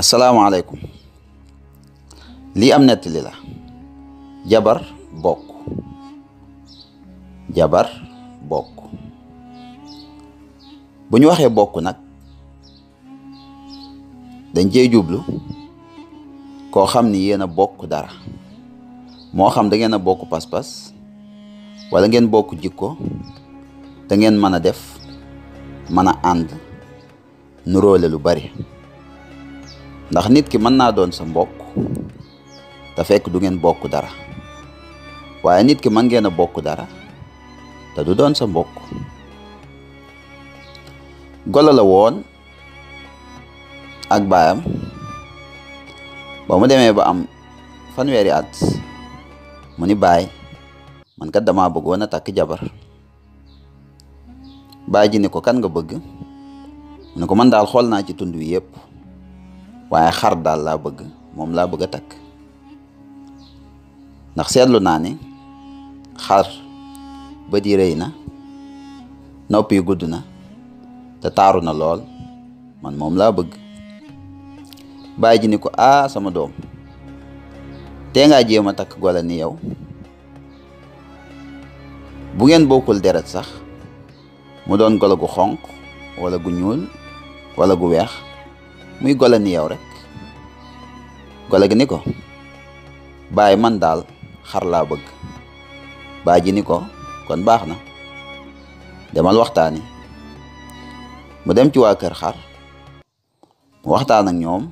asalaamaaleykum lii am nettali la jabar bokk jabar bokk bu ñu waxee bokk nag dañ cey jublu koo xam ni yéen a bokk dara moo xam da ngeen a bokk pas-pas wala ngeen bokk jikko da ngeen mën a def mën a ànd nuróole lu bari ndax nit ki mën naa doon sa mbokk te fekk du ngeen bokk dara waaye nit ki mën ngeen a bokk dara te du doon sa mbokk golo la woon ak baayam ba mu demee ba am fanweeri at mu ni baay man dama bëgg woon a takk jabar baay ji ni ko kan nga bëgg mu ko man daal xool naa ci tund wi yëpp waaye xar daal laa bëgg moom laa bëgg takk ndax seetlu naa ni xar bët yi rëy na nopp yi gudd na te taaru na lool man moom laa bëgg bàyyi ji ni ko ah sama doom tee ngaa jéem a takk golo ni yow bu ngeen bokkul deret sax mu doon golo gu xonq wala gu ñuul wala gu weex muy golo ni yow rek golo gi ni ko baay man daal xar laa bëgg baay ji ni ko kon baax na demal waxtaani mu dem ci waa kër xar mu waxtaan ak ñoom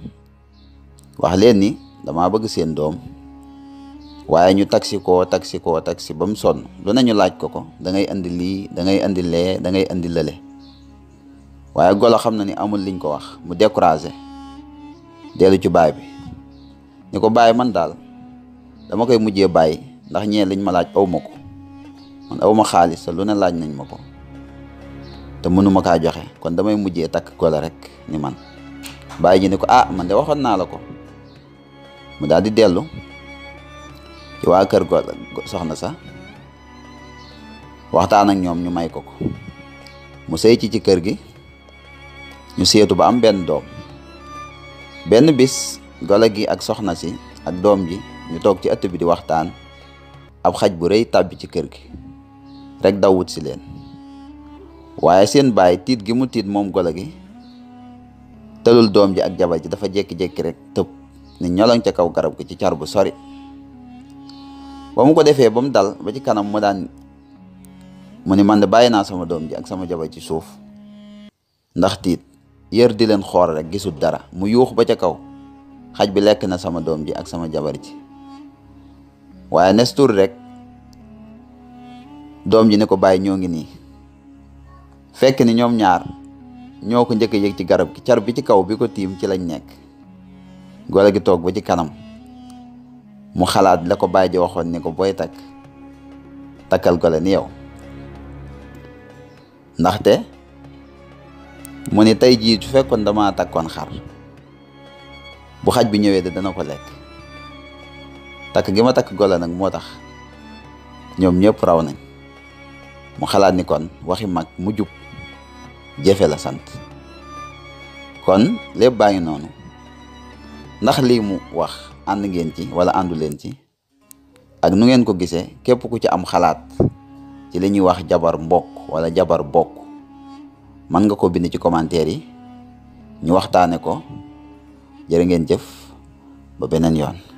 wax leen ni dama bëgg seen doom waaye ñu taksi koo taksi koo taksi ba mu son lu nañu laaj ko ko da ngay andi lii dangay ngay andi lee da ngay andi waaye golo xam na ni amul liñ ko wax mu découragé dellu ci baay bi ni ko bàyyi man daal dama koy mujjee bàyyi ndax ñee liñ ma laaj awma ko man awma xaalis te lu na laaj nañ ma ko te mënuma kaa joxe kon damay mujjee takk golo rek ni man bàyyi ji ni ko ah man de waxoon naa la ko mu daal di dellu ci waa kër golo soxna sa waxtaan ak ñoom ñu may ko ko mu sëy ci ci kër gi ñu seetu ba am benn doom benn bis golo gi ak soxna si ak doom ji ñu toog ci ëtt waxtaan ab xaj bu rëy tàbbi ci kër gi rek daw wut si leen waaye seen baay tiit gi mu tiit moom golo gi telul doom ji ak jabar ji dafa jékki-jékki rek tëb ni ñoloŋ ca kaw garab gi ci car bu sori ba mu ko defee ba mu dal ba ci kanam mu daan mu ni man de bàyyi naa sama doom ji ak sama jabar ci suuf ndax tiit yër di leen xool rek gisul dara mu yuux ba ca kaw xaj bi lekk na sama doom ji ak sama jabar ji waaye nes tuur rek doom ji ne ko bàyyi ñoo ngi nii fekk ni ñoom ñaar ñoo ko njëkk a yëg ci garab gi car bi ci kaw bi ko tiim ci lañ nekk gole gi toog ba ci kanam mu xalaat la ko bàyyi ji waxoon ni ko booy takk takkal gole ni yow ndaxte mu ne tey jii su fekkoon damaa takkoon xar bu xaj bi ñëwee de dana ko lekk takk gi ma takk golo nag moo tax ñoom ñëpp raw nañ mu xalaat ni kon waxi mag mu jub jëfe la sant kon lépp baa ngi noonu ndax lii mu wax ànd ngeen ci wala àndu leen ci ak nu ngeen ko gisee képp ku ci am xalaat ci li wax jabar mbokk wala jabar bokk mën nga ko bind ci commentaire yi ñu waxtaane ko jërë ngeen jëf ba beneen yoon